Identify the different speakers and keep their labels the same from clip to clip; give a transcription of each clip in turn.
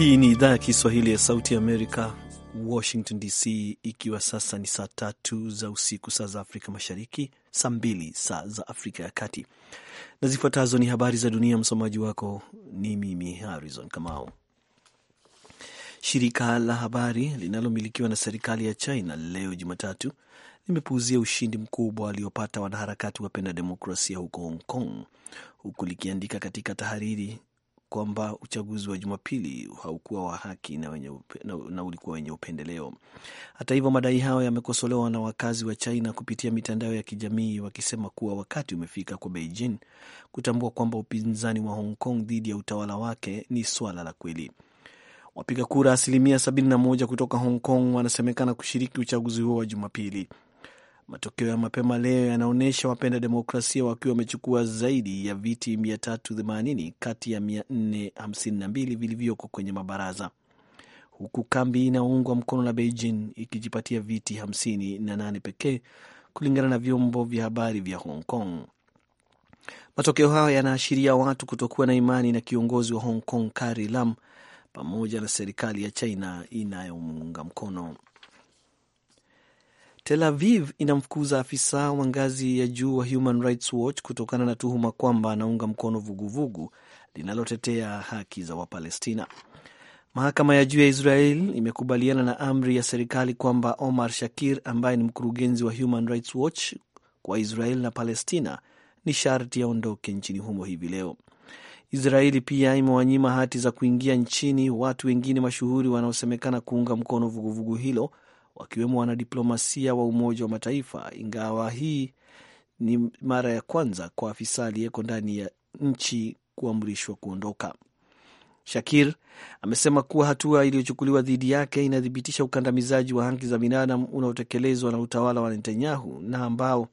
Speaker 1: Hii ni idhaa ya Kiswahili ya Sauti Amerika, Washington DC, ikiwa sasa ni saa tatu za usiku, saa za Afrika Mashariki, saa mbili saa za Afrika ya Kati, na zifuatazo ni habari za dunia. Msomaji wako ni mimi Harrison Kamau. Shirika la habari linalomilikiwa na serikali ya China leo Jumatatu limepuuzia ushindi mkubwa waliopata wanaharakati wapenda demokrasia huko Hong Kong, huku likiandika katika tahariri kwamba uchaguzi wa Jumapili haukuwa wa haki na, wenye upe, na, na ulikuwa wenye upendeleo. Hata hivyo, madai hayo yamekosolewa na wakazi wa China kupitia mitandao ya kijamii wakisema kuwa wakati umefika kwa Beijing kutambua kwamba upinzani wa Hong Kong dhidi ya utawala wake ni swala la kweli. Wapiga kura asilimia 71 kutoka Hong Kong wanasemekana kushiriki uchaguzi huo wa Jumapili. Matokeo ya mapema leo yanaonyesha wapenda demokrasia wakiwa wamechukua zaidi ya viti 380 kati ya 452 vilivyoko kwenye mabaraza, huku kambi inaungwa mkono na Beijing ikijipatia viti 58 pekee, kulingana na vyombo vya habari vya Hong Kong. Matokeo hayo yanaashiria watu kutokuwa na imani na kiongozi wa Hong Kong Carrie Lam pamoja na serikali ya China inayomuunga mkono. Tel Aviv inamfukuza afisa wa ngazi ya juu wa Human Rights Watch kutokana na tuhuma kwamba anaunga mkono vuguvugu linalotetea haki za Wapalestina. Mahakama ya juu ya Israel imekubaliana na amri ya serikali kwamba Omar Shakir ambaye ni mkurugenzi wa Human Rights Watch kwa Israel na Palestina ni sharti ondoke nchini humo hivi leo. Israeli pia imewanyima hati za kuingia nchini watu wengine mashuhuri wanaosemekana kuunga mkono vuguvugu hilo wakiwemo wanadiplomasia wa Umoja wa Mataifa, ingawa hii ni mara ya kwanza kwa afisa aliyeko ndani ya nchi kuamrishwa kuondoka. Shakir amesema kuwa hatua iliyochukuliwa dhidi yake inathibitisha ukandamizaji wa haki za binadamu unaotekelezwa na utawala wa Netanyahu na ambao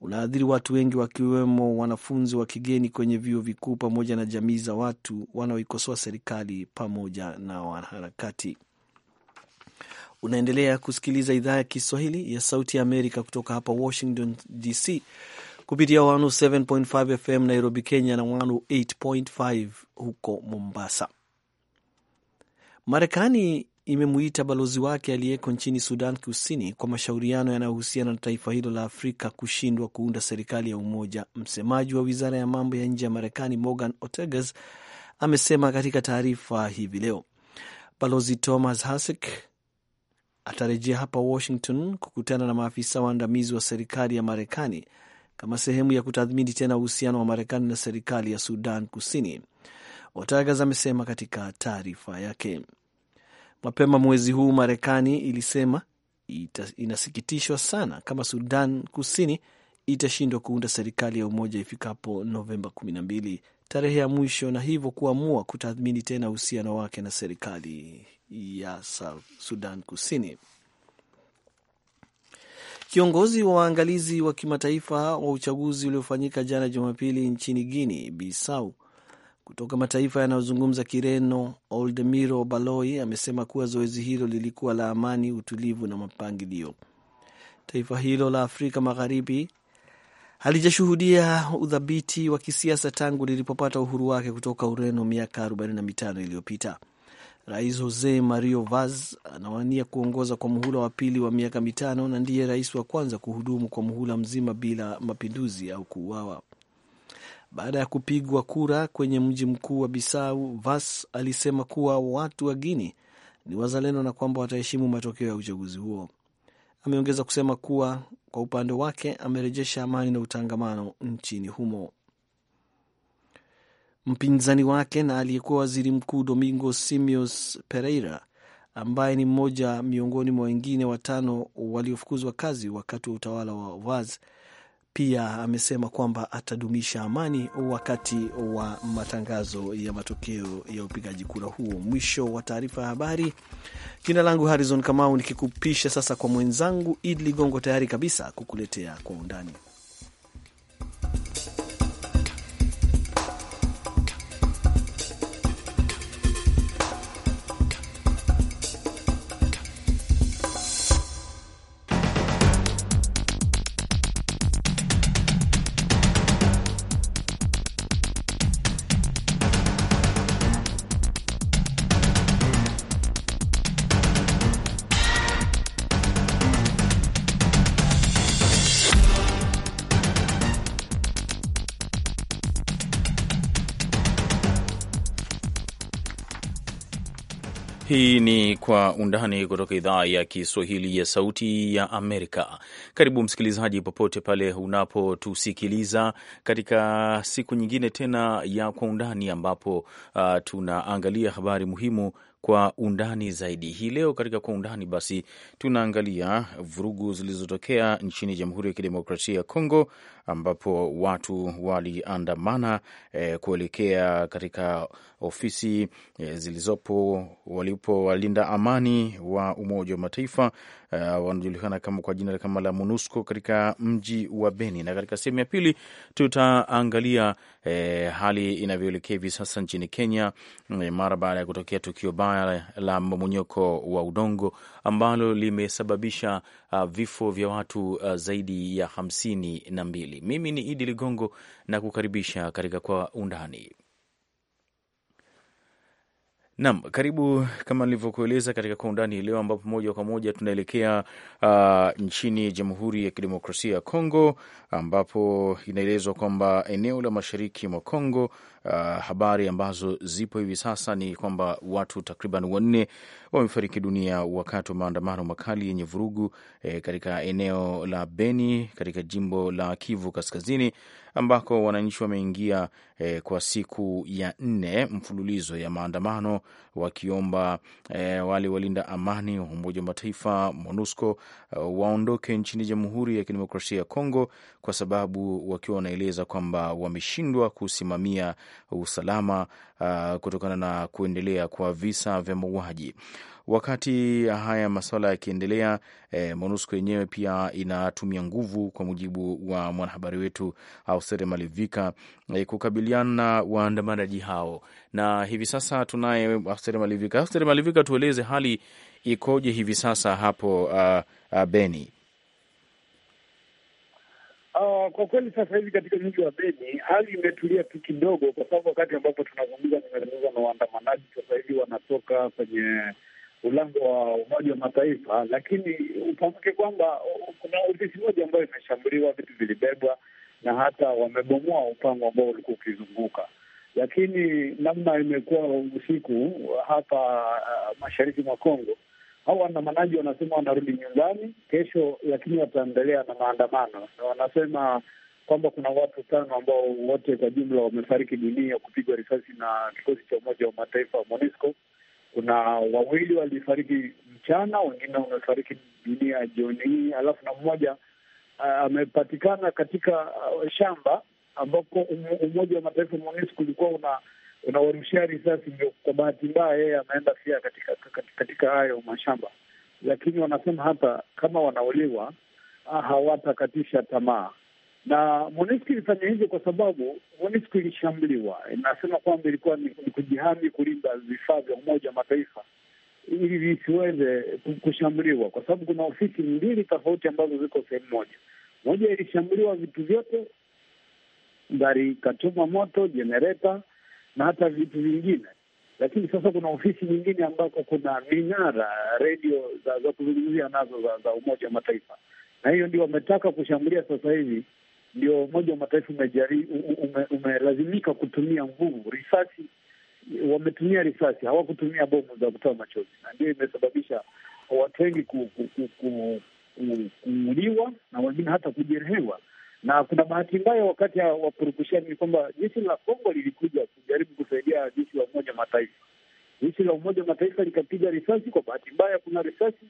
Speaker 1: unaathiri watu wengi wakiwemo wanafunzi wa kigeni kwenye vyuo vikuu pamoja na jamii za watu wanaoikosoa serikali pamoja na wanaharakati. Unaendelea kusikiliza idhaa ya Kiswahili ya Sauti ya Amerika kutoka hapa Washington DC kupitia 107.5 FM Nairobi, Kenya na 108.5 huko Mombasa. Marekani imemuita balozi wake aliyeko nchini Sudan Kusini kwa mashauriano yanayohusiana na taifa hilo la Afrika kushindwa kuunda serikali ya umoja. Msemaji wa wizara ya mambo ya nje ya Marekani Morgan Otegas amesema katika taarifa hivi leo. Balozi Thomas Hasek atarejea hapa Washington kukutana na maafisa waandamizi wa serikali ya Marekani kama sehemu ya kutathmini tena uhusiano wa Marekani na serikali ya Sudan Kusini, Watagas amesema katika taarifa yake. Mapema mwezi huu Marekani ilisema ita, inasikitishwa sana kama Sudan Kusini itashindwa kuunda serikali ya umoja ifikapo Novemba 12 tarehe ya mwisho, na hivyo kuamua kutathmini tena uhusiano wake na serikali ya South Sudan Kusini. Kiongozi wa waangalizi wa kimataifa wa uchaguzi uliofanyika jana Jumapili nchini Guinea Bisau kutoka mataifa yanayozungumza Kireno, Oldemiro Baloi amesema kuwa zoezi hilo lilikuwa la amani, utulivu na mapangilio. Taifa hilo la Afrika Magharibi halijashuhudia udhabiti wa kisiasa tangu lilipopata uhuru wake kutoka Ureno miaka 45 iliyopita. Rais Jose Mario Vaz anawania kuongoza kwa muhula wa pili wa miaka mitano na ndiye rais wa kwanza kuhudumu kwa muhula mzima bila mapinduzi au kuuawa. Baada ya kupigwa kura kwenye mji mkuu wa Bisau, vas alisema kuwa watu wa Guini ni wazalendo na kwamba wataheshimu matokeo ya uchaguzi huo. Ameongeza kusema kuwa kwa upande wake amerejesha amani na utangamano nchini humo mpinzani wake na aliyekuwa waziri mkuu Domingo Simios Pereira, ambaye ni mmoja miongoni mwa wengine watano waliofukuzwa kazi wakati wa utawala wa Vaz. Pia amesema kwamba atadumisha amani wakati wa matangazo ya matokeo ya upigaji kura huo. Mwisho wa taarifa ya habari. Jina langu Harrison Kamau, nikikupisha sasa kwa mwenzangu Idi Ligongo, tayari kabisa kukuletea kwa undani
Speaker 2: kwa undani kutoka idhaa ya Kiswahili ya Sauti ya Amerika. Karibu msikilizaji, popote pale unapotusikiliza katika siku nyingine tena ya kwa undani, ambapo uh, tunaangalia habari muhimu kwa undani zaidi. Hii leo katika kwa undani, basi tunaangalia vurugu zilizotokea nchini Jamhuri ya Kidemokrasia ya Kongo, ambapo watu waliandamana eh, kuelekea katika ofisi eh, zilizopo walipo walinda amani wa Umoja wa Mataifa uh, wanajulikana kama kwa jina kama la MONUSCO katika mji wa Beni, na katika sehemu ya pili tutaangalia eh, hali inavyoelekea hivi sasa nchini Kenya eh, mara baada ya kutokea tukio baya la mmomonyoko wa udongo ambalo limesababisha uh, vifo vya watu uh, zaidi ya hamsini na mbili. Mimi ni Idi Ligongo na kukaribisha katika kwa undani Naam, karibu kama nilivyokueleza katika Kwa Undani leo, ambapo moja kwa moja tunaelekea uh, nchini Jamhuri ya Kidemokrasia ya Kongo, ambapo inaelezwa kwamba eneo la mashariki mwa Kongo, uh, habari ambazo zipo hivi sasa ni kwamba watu takriban wanne wamefariki dunia wakati wa maandamano makali yenye vurugu eh, katika eneo la Beni katika jimbo la Kivu Kaskazini, ambako wananchi wameingia e, kwa siku ya nne mfululizo ya maandamano wakiomba e, wale walinda amani wa Umoja wa Mataifa MONUSCO eh, waondoke nchini Jamhuri ya Kidemokrasia ya Kongo kwa sababu wakiwa wanaeleza kwamba wameshindwa kusimamia usalama a, ah, kutokana na kuendelea kwa visa vya mauaji. Wakati haya masuala yakiendelea, e, MONUSCO yenyewe pia inatumia nguvu, kwa mujibu wa mwanahabari wetu Ausere Malivika, e, kukabiliana na waandamanaji hao, na hivi sasa tunaye Ausere Malivika. Ausere Malivika, tueleze hali ikoje hivi sasa hapo uh, uh, Beni?
Speaker 3: Uh, kwa kweli sasa hivi katika mji wa Beni hali imetulia tu kidogo, kwa sababu wakati ambapo tunazungumza, nimezungumza na waandamanaji sasa hivi wanatoka kwenye mlango wa Umoja wa Mataifa, lakini upamke kwamba kuna ofisi moja ambayo imeshambuliwa, vitu vilibebwa na hata wamebomoa upango ambao ulikuwa ukizunguka. Lakini namna imekuwa usiku hapa uh, mashariki mwa Kongo, hao waandamanaji wanasema wanarudi nyumbani kesho, lakini wataendelea na maandamano na wanasema kwamba kuna watu tano ambao wote kwa jumla wamefariki dunia kupigwa risasi na kikosi cha Umoja wa Mataifa MONUSCO kuna wawili walifariki mchana, wengine wamefariki dunia jioni hii, alafu na mmoja uh, amepatikana katika uh, shamba ambako um, Umoja wa Mataifa MONUSCO ulikuwa una unawarushia risasi. Ndio kwa bahati mbaya yeye ameenda pia katika katika hayo mashamba, lakini wanasema hata kama wanauliwa hawatakatisha tamaa na MONUSCO ilifanya hivyo kwa sababu MONUSCO ilishambuliwa. Inasema kwamba ilikuwa ni, kujihami kulinda vifaa vya Umoja wa Mataifa ili visiweze kushambuliwa, kwa sababu kuna ofisi mbili tofauti ambazo ziko sehemu moja. Moja ilishambuliwa vitu vyote, gari ikachoma moto, jenereta na hata vitu vingine. Lakini sasa kuna ofisi nyingine ambako kuna minara redio za, za kuzungumzia nazo za, za Umoja wa Mataifa, na hiyo ndio wametaka kushambulia sasa hivi ndio Umoja wa Mataifa umelazimika ume, ume kutumia nguvu, risasi. Wametumia risasi, hawakutumia bomu za kutoa machozi, na ndio imesababisha watu wengi kuuliwa na wengine hata kujeruhiwa. Na kuna bahati mbaya wakati purukushani ni kwamba jeshi la Kongo lilikuja kujaribu kusaidia jeshi la Umoja wa Mataifa. Jeshi la Umoja wa Mataifa likapiga risasi. Kwa bahati mbaya, kuna risasi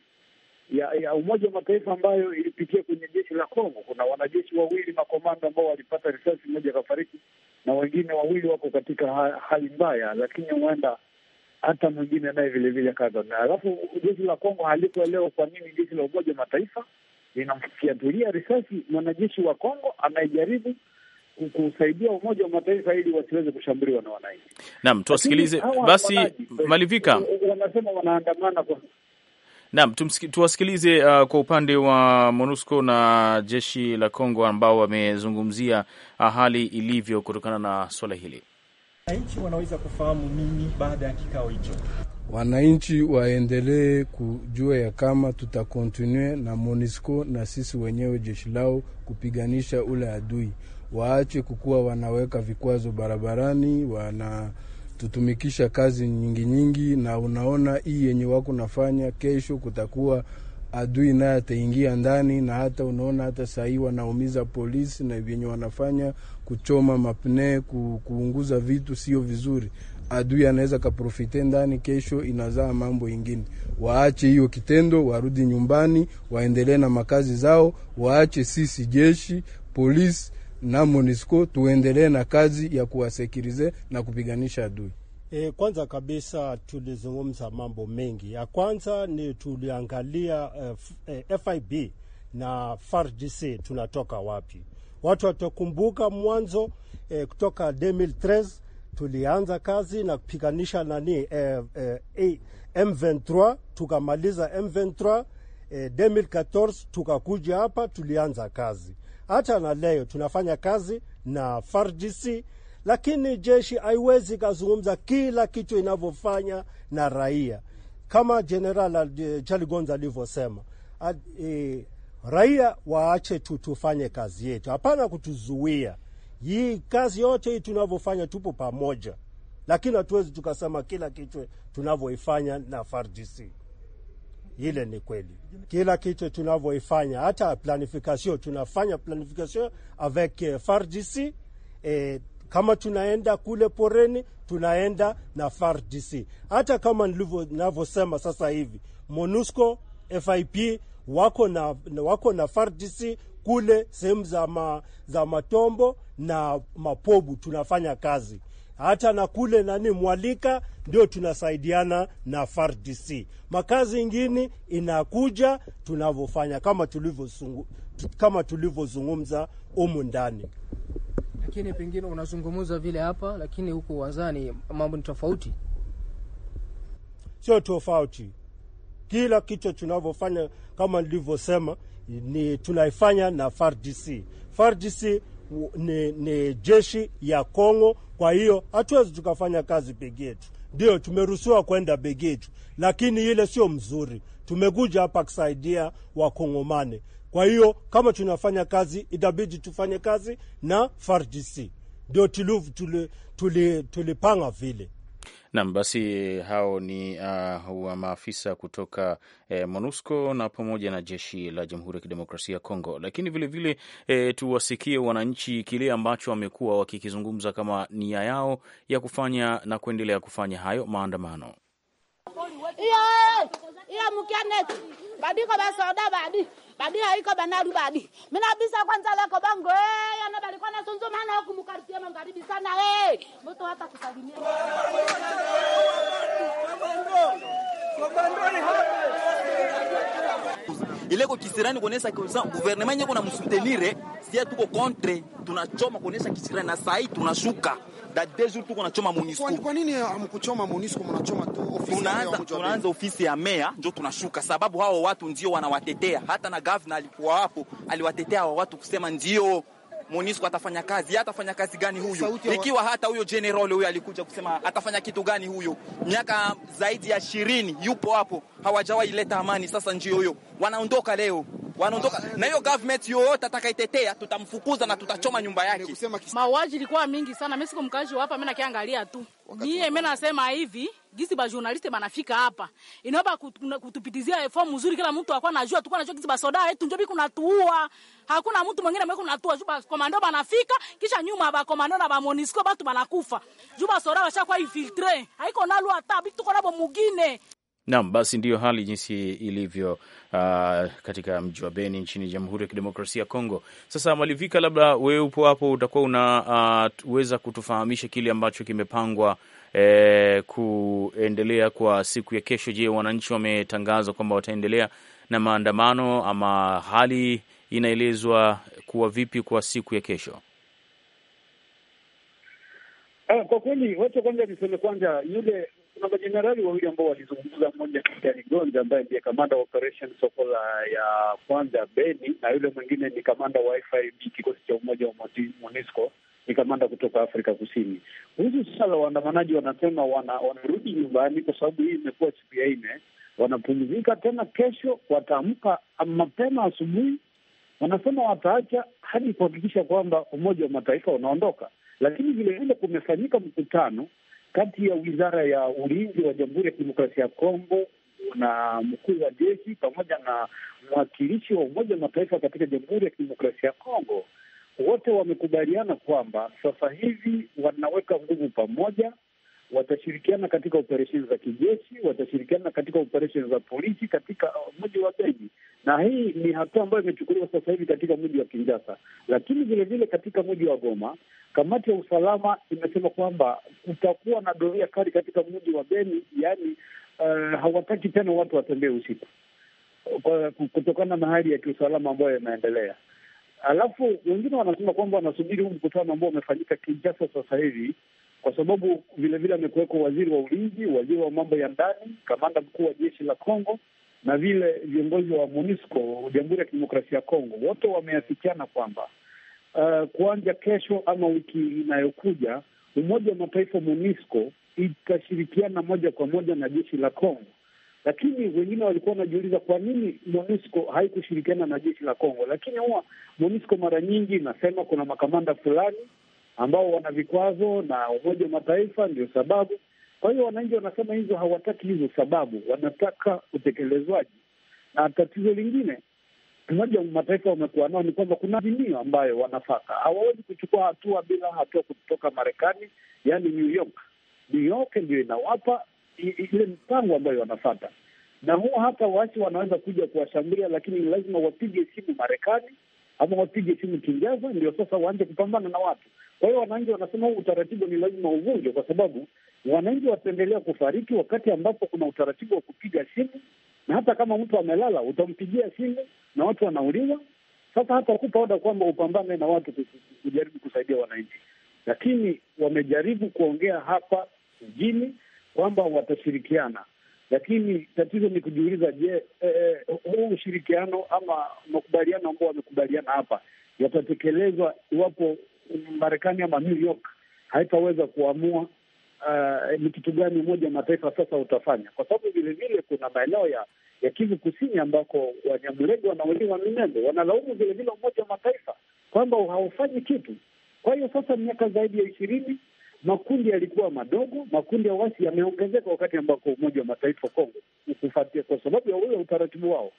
Speaker 3: ya, ya Umoja wa Mataifa ambayo ilipitia kwenye jeshi la Kongo. Kuna wanajeshi wawili makomando ambao walipata risasi, moja akafariki na wengine wawili wako katika hali mbaya, lakini huenda hata mwingine naye vilevile akazana. Alafu jeshi la Kongo halikuelewa kwa nini jeshi la Umoja wa Mataifa linamfiatulia risasi mwanajeshi wa Kongo anayejaribu kusaidia Umoja wa Mataifa ili wasiweze kushambuliwa na wananchi.
Speaker 2: Naam, tuwasikilize basi. Malivika
Speaker 3: wanasema wanaandamana kwa
Speaker 2: Naam, tuwasikilize uh, kwa upande wa MONUSCO na jeshi la Kongo ambao wamezungumzia uh, hali ilivyo kutokana na swala hili.
Speaker 3: Wananchi wanaweza
Speaker 4: kufahamu nini baada ya kikao hicho?
Speaker 5: Wananchi waendelee kujua ya kama tutakontinue na MONUSCO na sisi wenyewe jeshi lao kupiganisha ule adui, waache kukuwa wanaweka vikwazo barabarani wana kututumikisha kazi nyingi nyingi, na unaona hii yenye wako nafanya, kesho kutakuwa adui naye ataingia ndani, na hata unaona hata sahii wanaumiza polisi na vyenye wanafanya kuchoma mapne ku, kuunguza vitu sio vizuri. Adui anaweza kaprofite ndani, kesho inazaa mambo ingine. Waache hiyo kitendo, warudi nyumbani, waendelee na makazi zao, waache sisi jeshi polisi na MONUSCO tuendelee na kazi ya kuwasekirize na kupiganisha adui. E, kwanza kabisa tulizungumza mambo mengi. Ya kwanza ni tuliangalia eh, eh, FIB na FARDC tunatoka wapi. Watu watakumbuka mwanzo eh, kutoka 2013 tulianza kazi na kupiganisha nani eh, eh, M23 tukamaliza M23 eh, 2014 tukakuja hapa tulianza kazi hata na leo tunafanya kazi na FARDC, lakini jeshi haiwezi kazungumza kila kitu inavyofanya na raia, kama General eh, Chaligonza alivyosema e, raia waache tu tufanye kazi yetu, hapana kutuzuia. Hii kazi yote hii tunavyofanya, tupo pamoja, lakini hatuwezi tukasema kila kitu tunavyoifanya na FARDC. Ile ni kweli, kila kitu tunavyoifanya, hata planification tunafanya planification avec eh, FARDC E, eh, kama tunaenda kule poreni tunaenda na FARDC, hata kama ninavyosema sasa hivi MONUSCO FIP wako na, wako na FARDC kule sehemu za, ma, za matombo na mapobu tunafanya kazi hata na kule nani Mwalika ndio tunasaidiana na FARDC. Makazi ingine inakuja tunavyofanya kama tulivyozungu, kama tulivyozungumza humu ndani. Lakini pengine unazungumza vile hapa, lakini huku wanzani mambo ni tofauti. Sio tofauti, kila kicho tunavyofanya kama nilivyosema ni tunaifanya na FARDC. FARDC ni, ni jeshi ya Kongo. Kwa hiyo hatuwezi tukafanya kazi begi yetu. Ndio tumeruhusiwa kwenda begi yetu, lakini ile sio mzuri. Tumekuja hapa kusaidia Wakongomane. Kwa hiyo kama tunafanya kazi, itabidi tufanye kazi na FARDC. Ndio tulipanga tuli, tuli vile.
Speaker 2: Nam, basi hao ni uh, wa maafisa kutoka eh, MONUSCO na pamoja na jeshi la Jamhuri ya Kidemokrasia ya Kongo, lakini vilevile vile, eh, tuwasikie wananchi kile ambacho wamekuwa wakikizungumza kama nia yao ya kufanya na kuendelea kufanya hayo maandamano
Speaker 6: iyo mukianeti
Speaker 4: badiko basoda badi badi haiko banaru badi minabisa kwanza lako bango eh, yana balikuwa nasunzu maana huku mukaritia magharibi sana eh. mtu hata kusalimia ileko kisirani kuonesa kusa guvernema nyeko na msutenire fie tuko kontre, tunachoma kuonesha kisirani, na saa hii tunashuka da dejour tuko nachoma MONUSCO.
Speaker 2: Kwa nini hamkuchoma MONUSCO, mnachoma
Speaker 4: tu ofisi? Tunaanza tunaanza ofisi ya meya ndio tunashuka, sababu hao watu ndio wanawatetea. Hata na governor alikuwa hapo, aliwatetea hao watu kusema ndio MONUSCO atafanya kazi, atafanya kazi gani huyo? Ikiwa hata huyo general huyo alikuja kusema atafanya kitu gani huyo? Miaka zaidi ya ishirini yupo hapo, hawajawahi leta amani. Sasa ndio huyo wanaondoka leo wanaondoka na hiyo government. Yoyote atakayetetea tutamfukuza na tutachoma nyumba yake. Mauaji ilikuwa mingi sana, mimi siko mkazi hapa, mimi nakiangalia tu mie,
Speaker 6: mimi nasema hivi gizi ba journaliste banafika hapa inaomba kutupitizia fomu nzuri, kila mtu akwa najua tukua najua gizi ba soda yetu njobi kuna tuua, hakuna mtu mwingine mweko kuna tuua juba komando banafika, kisha nyuma ba komando na ba Monisco batu banakufa juba soda washakuwa infiltre haiko nalo hata bitu kwa nabo mugine
Speaker 2: Naam, basi ndiyo hali jinsi ilivyo, uh, katika mji wa Beni nchini Jamhuri ya Kidemokrasia ya Kongo. Sasa Malivika, labda wewe upo hapo, utakuwa unaweza uh, kutufahamisha kile ambacho kimepangwa eh, kuendelea kwa siku ya kesho. Je, wananchi wametangazwa kwamba wataendelea na maandamano ama hali inaelezwa kuwa vipi kwa siku ya kesho?
Speaker 3: Eh, kwa kweli, wacha kwanza niseme kwanza yule kuna majenerali wawili ambao walizungumza, mmoja Kapteni Gonja ambaye ndiye kamanda wa operation Sokola ya kwanza ya Beni, na yule mwingine ni kamanda wa FIB, kikosi cha umoja wa MONUSCO, ni kamanda kutoka Afrika Kusini. Kuhusu la waandamanaji wanasema wanarudi nyumbani kwa sababu hii imekuwa siku ya nne, wanapumzika tena. Kesho wataamka mapema asubuhi, wanasema wataacha hadi kuhakikisha kwamba Umoja wa Mataifa unaondoka, lakini vilevile kumefanyika mkutano kati ya wizara ya ulinzi wa Jamhuri ya Kidemokrasia ya Kongo na mkuu wa jeshi pamoja na mwakilishi wa Umoja wa Mataifa katika Jamhuri ya Kidemokrasia ya Kongo, wote wamekubaliana kwamba sasa hivi wanaweka nguvu pamoja watashirikiana katika operesheni za kijeshi, watashirikiana katika operesheni za polisi katika uh, mji wa Beni, na hii ni hatua ambayo imechukuliwa sasa hivi katika mji wa Kinshasa, lakini vilevile katika mji wa Goma. Kamati ya usalama imesema kwamba kutakuwa na doria kali katika mji wa Beni, yaani uh, hawataki tena watu watembee usiku kutokana na hali ya kiusalama ambayo inaendelea. Alafu wengine wanasema kwamba wanasubiri huu mkutano ambao umefanyika Kinshasa sasa hivi kwa sababu vilevile amekuwekwa waziri wa ulinzi, waziri wa mambo ya ndani, kamanda mkuu wa jeshi la Kongo na vile viongozi wa MONUSCO Jamhuri ya Kidemokrasia ya Kongo. Wote wameafikiana kwamba uh, kuanja kesho ama wiki inayokuja Umoja wa Mataifa MONUSCO itashirikiana moja kwa moja na jeshi la Kongo. Lakini wengine walikuwa wanajiuliza kwa nini MONUSCO haikushirikiana na jeshi la Kongo, lakini huwa MONUSCO mara nyingi inasema kuna makamanda fulani ambao wana vikwazo na Umoja wa Mataifa ndio sababu. Kwa hiyo wananchi wanasema hizo hawataki hizo sababu, wanataka utekelezwaji. Na tatizo lingine Umoja wa Mataifa wamekuwa nao ni kwamba kuna azimio ambayo wanafata, hawawezi kuchukua hatua bila hatua kutoka Marekani, yani New York. New York ndio inawapa ile mpango ambayo wanafata, na huo hata waasi wanaweza kuja kuwashambulia, lakini lazima wapige simu Marekani ama wapige simu kinjaza ndio sasa waanze kupambana na watu. Kwa hiyo wananchi wanasema huu utaratibu ni lazima uvunjwe, kwa sababu wananchi wataendelea kufariki wakati ambapo kuna utaratibu wa kupiga simu, na hata kama mtu amelala utampigia simu na watu wanauliwa. Sasa hata kupa oda kwamba upambane na watu kujaribu kusaidia wananchi, lakini wamejaribu kuongea hapa mjini kwamba watashirikiana, lakini tatizo ni kujiuliza, je, eh, huu ushirikiano ama makubaliano ambao wamekubaliana hapa yatatekelezwa iwapo Marekani ama New York haitaweza kuamua Uh, ni kitu gani Umoja wa Mataifa sasa utafanya, kwa sababu vilevile kuna maeneo ya ya Kivu Kusini ambako Wanyamulenge wanauliwa minendo, wanalaumu vilevile Umoja wa Mataifa kwamba haufanyi kitu. Kwa hiyo sasa, miaka zaidi ya ishirini makundi yalikuwa madogo, makundi ya wasi yameongezeka, wakati ambako Umoja wa Mataifa Kongo ukufatia kwa sababu ya ule utaratibu wao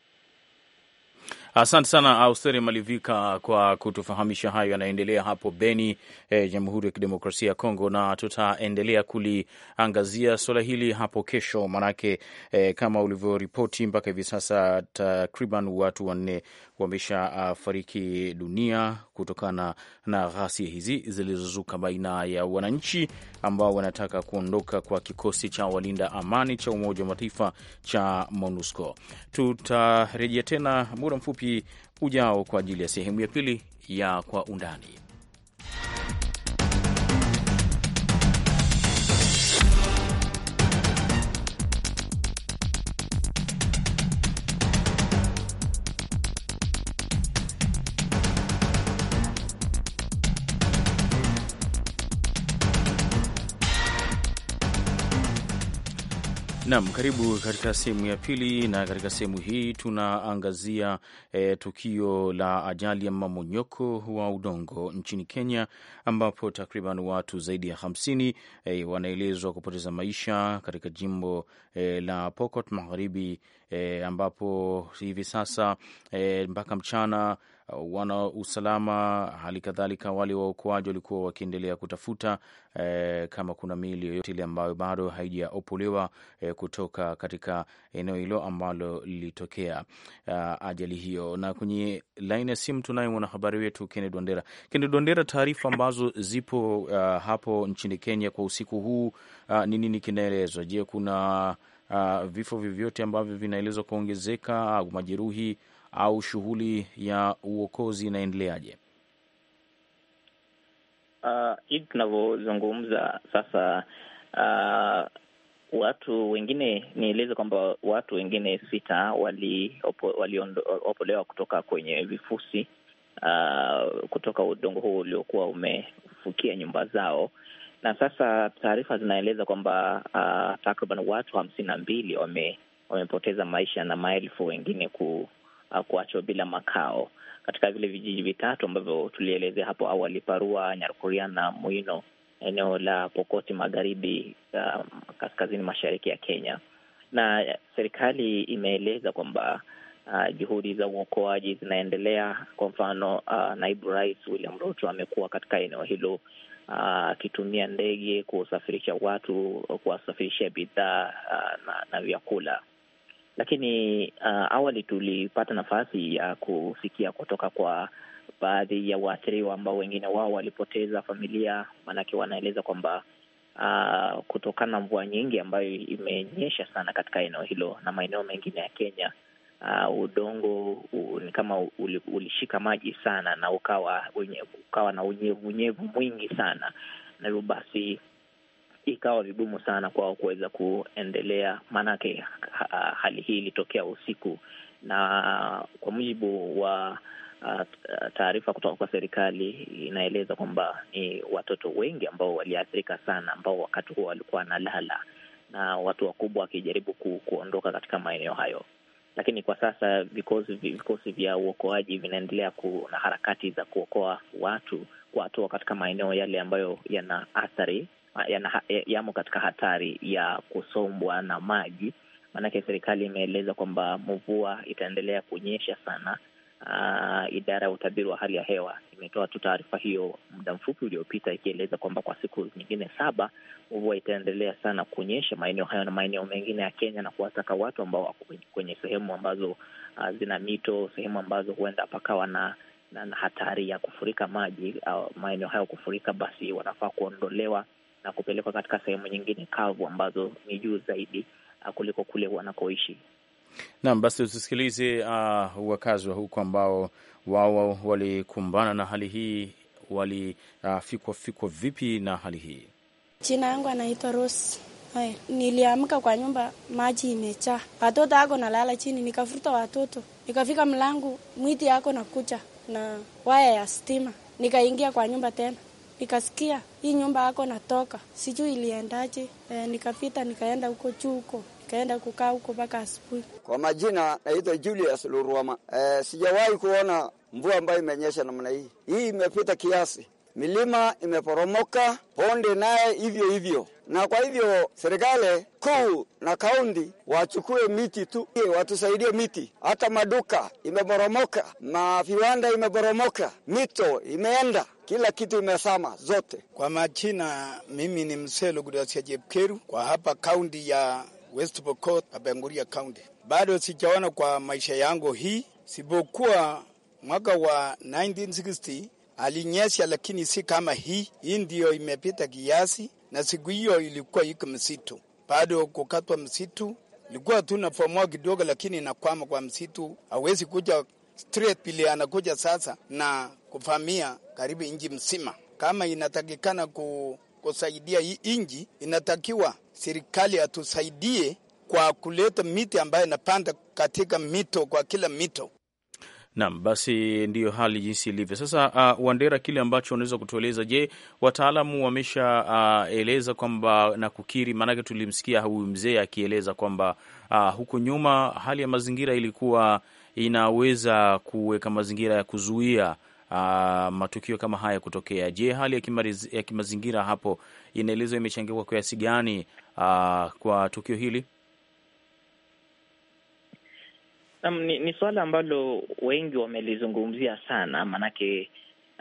Speaker 2: Asante sana Austeri Malivika kwa kutufahamisha hayo yanaendelea hapo Beni, eh, Jamhuri ya Kidemokrasia ya Kongo, na tutaendelea kuliangazia suala hili hapo kesho, manake eh, kama ulivyoripoti mpaka hivi sasa takriban watu wanne wameshafariki ah, dunia kutokana na ghasia hizi zilizozuka baina ya wananchi ambao wanataka kuondoka kwa kikosi cha walinda amani cha Umoja wa Mataifa cha MONUSCO. Tutarejea tena muda mfupi ujao kwa ajili ya sehemu ya pili ya Kwa Undani. Nam, karibu katika sehemu ya pili, na katika sehemu hii tunaangazia e, tukio la ajali ya mmomonyoko wa udongo nchini Kenya, ambapo takriban watu zaidi ya hamsini e, wanaelezwa kupoteza maisha katika jimbo e, la Pokot Magharibi, e, ambapo hivi sasa e, mpaka mchana Uh, wana usalama, hali kadhalika wale waokoaji walikuwa wakiendelea kutafuta e, kama kuna miili yoyote ile ambayo bado haijaopolewa e, kutoka katika eneo hilo ambalo lilitokea uh, ajali hiyo. Na kwenye laini ya simu tunaye mwanahabari wetu Kennedy Wandera. Kennedy Wandera, taarifa ambazo zipo a, uh, hapo nchini Kenya kwa usiku huu ni nini kinaelezwa? Je, kuna a, vifo vyovyote ambavyo vinaelezwa kuongezeka au majeruhi? au shughuli ya uokozi inaendeleaje?
Speaker 6: Uh, hivi tunavyozungumza sasa uh, watu wengine nieleze kwamba watu wengine sita waliopolewa wali kutoka kwenye vifusi uh, kutoka udongo huu uliokuwa umefukia nyumba zao, na sasa taarifa zinaeleza kwamba uh, takriban watu hamsini na mbili wame, wamepoteza maisha na maelfu wengine ku, Uh, kuachwa bila makao katika vile vijiji vitatu ambavyo tulielezea hapo awali, Parua, Nyarukuria na Muino, eneo la Pokoti Magharibi, um, kaskazini mashariki ya Kenya. Na serikali imeeleza kwamba uh, juhudi za uokoaji zinaendelea. Kwa mfano, uh, naibu rais William Ruto amekuwa katika eneo hilo uh, akitumia uh, ndege kuwasafirisha watu, kuwasafirishia bidhaa uh, na, na vyakula lakini uh, awali tulipata nafasi ya kusikia kutoka kwa baadhi ya waathiriwa ambao wengine wao walipoteza familia, maanake wanaeleza kwamba uh, kutokana na mvua nyingi ambayo imenyesha sana katika eneo hilo na maeneo mengine ya Kenya, uh, udongo ni kama ulishika maji sana na ukawa, ukawa na unyevunyevu mwingi sana na hivyo basi ikawa vigumu sana kwao kuweza kuendelea, maanake ha hali hii ilitokea usiku, na kwa mujibu wa taarifa kutoka kwa serikali inaeleza kwamba ni watoto wengi ambao waliathirika sana, ambao wakati huo walikuwa wanalala na watu wakubwa wakijaribu ku, kuondoka katika maeneo hayo. Lakini kwa sasa vikosi, vikosi vya uokoaji vinaendelea na harakati za kuokoa watu kuwatoa katika maeneo yale ambayo yana athari yamo katika hatari ya kusombwa na maji, maanake serikali imeeleza kwamba mvua itaendelea kunyesha sana. Uh, idara ya utabiri wa hali ya hewa imetoa tu taarifa hiyo muda mfupi uliopita ikieleza kwamba kwa siku nyingine saba mvua itaendelea sana kunyesha maeneo hayo na maeneo mengine ya Kenya, na kuwataka watu ambao wako kwenye sehemu ambazo uh, zina mito, sehemu ambazo huenda pakawa na, na hatari ya kufurika maji au maeneo hayo kufurika, basi wanafaa kuondolewa na kupelekwa katika sehemu nyingine kavu ambazo ni juu zaidi uh, kuliko kule wanakoishi.
Speaker 2: Naam, basi usisikilize uh, wakazi wa huko ambao wao walikumbana na hali hii, walifikwa uh, fikwa vipi na hali hii.
Speaker 4: Jina yangu anaitwa Rose. niliamka kwa nyumba maji imejaa. Watoto ako nalala chini, nikafuta watoto, nikafika mlangu mwiti ako na kucha na waya ya stima, nikaingia kwa nyumba tena nikasikia hii nyumba yako natoka, sijui iliendaje. E, nikapita nikaenda huko juu huko nikaenda kukaa huko mpaka asubuhi.
Speaker 3: Kwa majina naitwa Julius luruama E, eh, sijawahi kuona mvua ambayo imenyesha namna hii. Hii imepita kiasi, milima imeporomoka, bonde naye hivyo hivyo. Na kwa hivyo serikali kuu na kaunti wachukue miti tu, watusaidie miti. Hata maduka imeporomoka, maviwanda imeporomoka, mito imeenda,
Speaker 2: kila kitu imesama zote. Kwa majina, mimi ni Mselo Gudasia Jepkeru kwa hapa kaunti ya West Pokot, Abenguria kaunti Bado sijaona kwa maisha yangu hii, sipokuwa mwaka wa 1960 alinyesha, lakini si kama hii. Hii ndiyo imepita kiasi, na siku hiyo ilikuwa iko msitu bado kukatwa msitu, ilikuwa tunafomoa kidogo, lakini inakwama kwa msitu, hawezi kuja straight pili, anakuja sasa na kuvamia karibu nji mzima. Kama inatakikana kusaidia hii inji, inatakiwa serikali atusaidie kwa kuleta miti ambayo inapanda katika mito, kwa kila mito. Naam, basi ndiyo hali jinsi ilivyo sasa. Uh, Wandera, kile ambacho unaweza kutueleza, je, wataalamu wameshaeleza uh, kwamba na kukiri? Maanake tulimsikia huyu mzee akieleza kwamba uh, huko nyuma hali ya mazingira ilikuwa inaweza kuweka mazingira ya kuzuia uh, matukio kama haya kutokea. Je, hali ya, kimariz, ya kimazingira hapo inaelezwa imechangiwa kwa kiasi gani uh, kwa tukio hili?
Speaker 6: Ni, ni suala ambalo wengi wamelizungumzia sana, maanake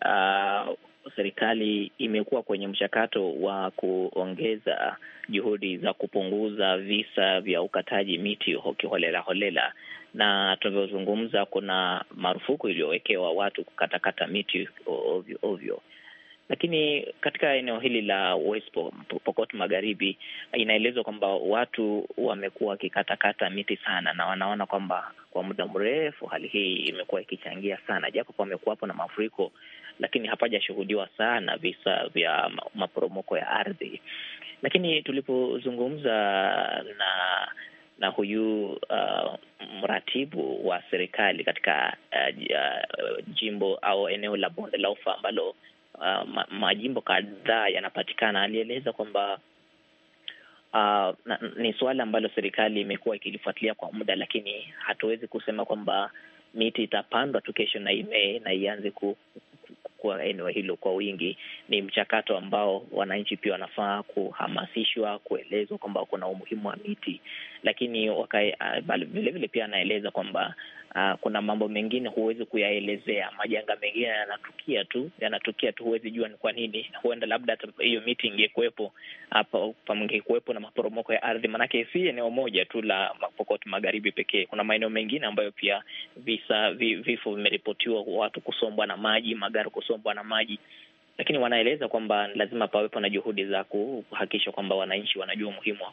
Speaker 6: uh, serikali imekuwa kwenye mchakato wa kuongeza juhudi za kupunguza visa vya ukataji miti kiholela holela, na tunavyozungumza kuna marufuku iliyowekewa watu kukatakata miti ovyo ovyo. Lakini katika eneo hili la West Pokot Magharibi, inaelezwa kwamba watu wamekuwa wakikatakata miti sana, na wanaona kwamba kwa muda mrefu hali hii imekuwa ikichangia sana, japo pamekuwapo na mafuriko, lakini hapajashuhudiwa sana visa vya maporomoko ya ardhi. Lakini tulipozungumza na na huyu uh, mratibu wa serikali katika uh, uh jimbo au eneo la bonde la ufa ambalo uh, ma, majimbo kadhaa yanapatikana. Alieleza kwamba uh, ni suala ambalo serikali imekuwa ikilifuatilia kwa muda, lakini hatuwezi kusema kwamba miti itapandwa tu kesho na imee na ianze ku kwa eneo hilo kwa wingi. Ni mchakato ambao wananchi pia wanafaa kuhamasishwa, kuelezwa kwamba kuna umuhimu wa miti, lakini vilevile uh, pia anaeleza kwamba Ah, kuna mambo mengine huwezi kuyaelezea, majanga mengine yanatukia tu yanatukia tu, huwezi jua ni kwa nini. Huenda labda hiyo miti ingekuwepo hapa, pangekuwepo na maporomoko ya ardhi, maanake si eneo moja tu la Pokot Magharibi pekee. Kuna maeneo mengine ambayo pia visa vifo vimeripotiwa, watu kusombwa na maji, magari kusombwa na maji lakini wanaeleza kwamba lazima pawepo na juhudi za kuhakikisha kwamba wananchi wanajua umuhimu wa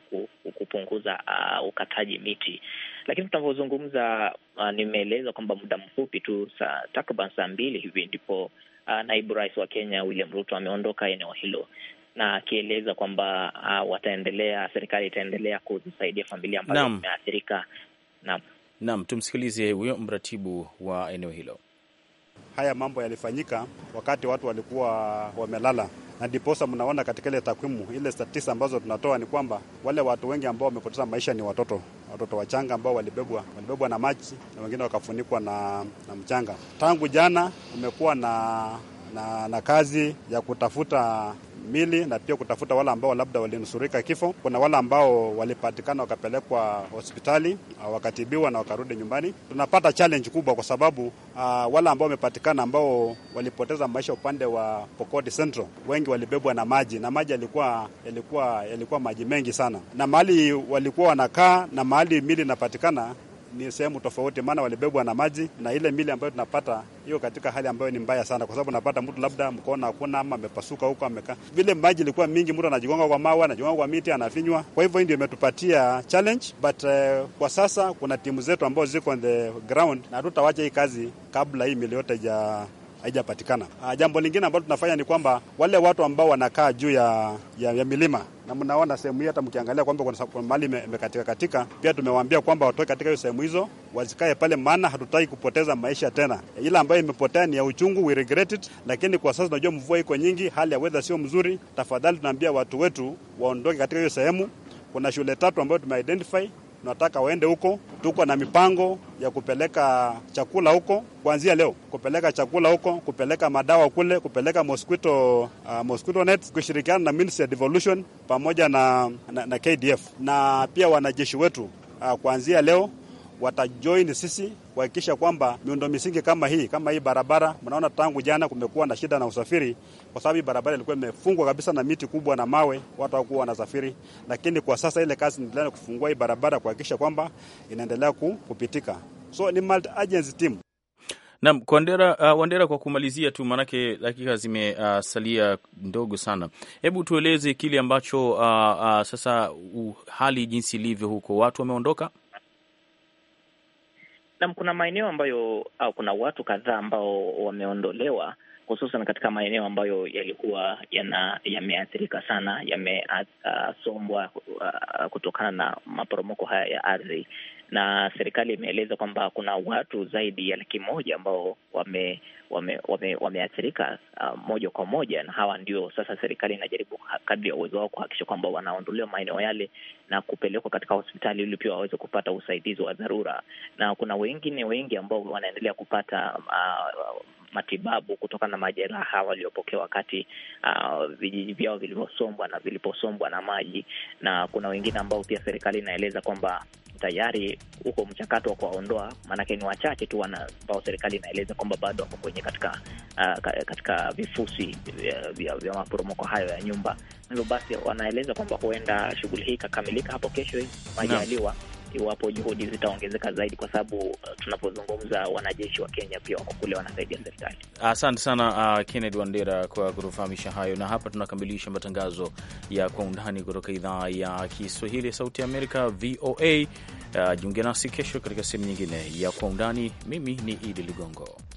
Speaker 6: kupunguza uh, ukataji miti. Lakini tunavyozungumza uh, nimeeleza kwamba muda mfupi tu takriban saa mbili hivi ndipo uh, naibu rais wa Kenya William Ruto ameondoka eneo hilo na akieleza kwamba uh, wataendelea, serikali itaendelea kuzisaidia familia ambazo zimeathirika. Naam,
Speaker 2: naam, tumsikilize huyo mratibu wa eneo hilo.
Speaker 4: Haya mambo yalifanyika wakati watu walikuwa wamelala, na ndiposa mnaona katika ile takwimu ile statistics ambazo tunatoa ni kwamba wale watu wengi ambao wamepoteza maisha ni watoto, watoto wachanga ambao walibebwa walibebwa na maji na wengine wakafunikwa na, na mchanga. Tangu jana umekuwa na na, na kazi ya kutafuta mili na pia kutafuta wale ambao labda walinusurika kifo. Kuna wale ambao walipatikana wakapelekwa hospitali ah, wakatibiwa na wakarudi nyumbani. Tunapata challenge kubwa kwa sababu uh, wale ambao wamepatikana ambao walipoteza maisha upande wa Pokot Central, wengi walibebwa na maji na maji yalikuwa yalikuwa yalikuwa maji mengi sana, na mahali walikuwa wanakaa na mahali mili inapatikana ni sehemu tofauti, maana walibebwa na maji, na ile mili ambayo tunapata hiyo katika hali ambayo ni mbaya sana, kwa sababu unapata mtu labda mkono hakuna ama amepasuka huko amekaa vile, maji ilikuwa mingi, mtu anajigonga kwa mawe, anajigonga kwa miti, anafinywa. Kwa hivyo hii ndio imetupatia challenge, but uh, kwa sasa kuna timu zetu ambazo ziko on the ground na hatutawacha hii kazi kabla hii mili yote ja haijapatikana. Ah, jambo lingine ambalo tunafanya ni kwamba wale watu ambao wanakaa juu ya, ya, ya milima na mnaona sehemu hii hata mkiangalia kwamba kuna mali imekatika katika, pia tumewaambia kwamba watoke katika hiyo sehemu hizo wazikae pale, maana hatutaki kupoteza maisha tena. Ile ambayo imepotea ni ya uchungu, we regret it, lakini kwa sasa tunajua mvua iko nyingi, hali ya weather sio mzuri. Tafadhali tunaambia watu wetu waondoke katika hiyo sehemu. Kuna shule tatu ambayo tumeidentify tunataka waende huko. Tuko na mipango ya kupeleka chakula huko kuanzia leo, kupeleka chakula huko, kupeleka madawa kule, kupeleka mosquito, uh, mosquito net kushirikiana na Ministry of Devolution pamoja na, na, na KDF na pia wanajeshi wetu uh, kuanzia leo watajoin sisi kuhakikisha kwamba miundo misingi kama hii kama hii barabara, mnaona tangu jana kumekuwa na shida na usafiri, kwa sababu barabara ilikuwa imefungwa kabisa na miti kubwa na mawe, watu hawakuwa wanasafiri. Lakini kwa sasa ile kazi inaendelea kufungua hii barabara kuhakikisha kwamba inaendelea kupitika, so ni multi
Speaker 2: agency team. Naam, Wandera, uh, Wandera, kwa kumalizia tu maanake dakika zimesalia uh, ndogo sana, hebu tueleze kile ambacho uh, uh, sasa uh, hali jinsi ilivyo huko, watu wameondoka
Speaker 6: Naam, kuna maeneo ambayo au kuna watu kadhaa ambao wameondolewa hususan katika maeneo ambayo yalikuwa yameathirika sana, yamesombwa ah, uh, ah, kutokana na maporomoko haya ya ardhi na serikali imeeleza kwamba kuna watu zaidi ya laki moja ambao wame wameathirika wame, wame uh, moja kwa moja, na hawa ndio sasa serikali inajaribu kadri ya uwezo wao kuhakikisha kwamba wanaondolewa maeneo yale na kupelekwa katika hospitali ili pia waweze kupata usaidizi wa dharura, na kuna wengine wengi ambao wanaendelea kupata uh, matibabu kutokana na majeraha waliopokea wakati uh, vijiji vyao vilivyosombwa na viliposombwa na maji, na kuna wengine ambao pia serikali inaeleza kwamba tayari uko mchakato wa kuwaondoa, maanake ni wachache tu ambao serikali inaeleza kwamba bado wako kwenye katika uh, katika vifusi vya, vya maporomoko hayo ya nyumba. Hivyo basi wanaeleza kwamba huenda shughuli hii ikakamilika hapo kesho majaliwa no iwapo juhudi zitaongezeka zaidi, kwa sababu uh, tunapozungumza wanajeshi wa Kenya pia wako kule wanasaidia serikali.
Speaker 2: Asante sana uh, Kennedy Wandera kwa kutufahamisha hayo, na hapa tunakamilisha matangazo ya Kwa Undani kutoka idhaa ya Kiswahili ya Sauti ya Amerika, VOA. Uh, jiunge nasi kesho katika sehemu nyingine ya Kwa Undani. Mimi ni Idi Ligongo.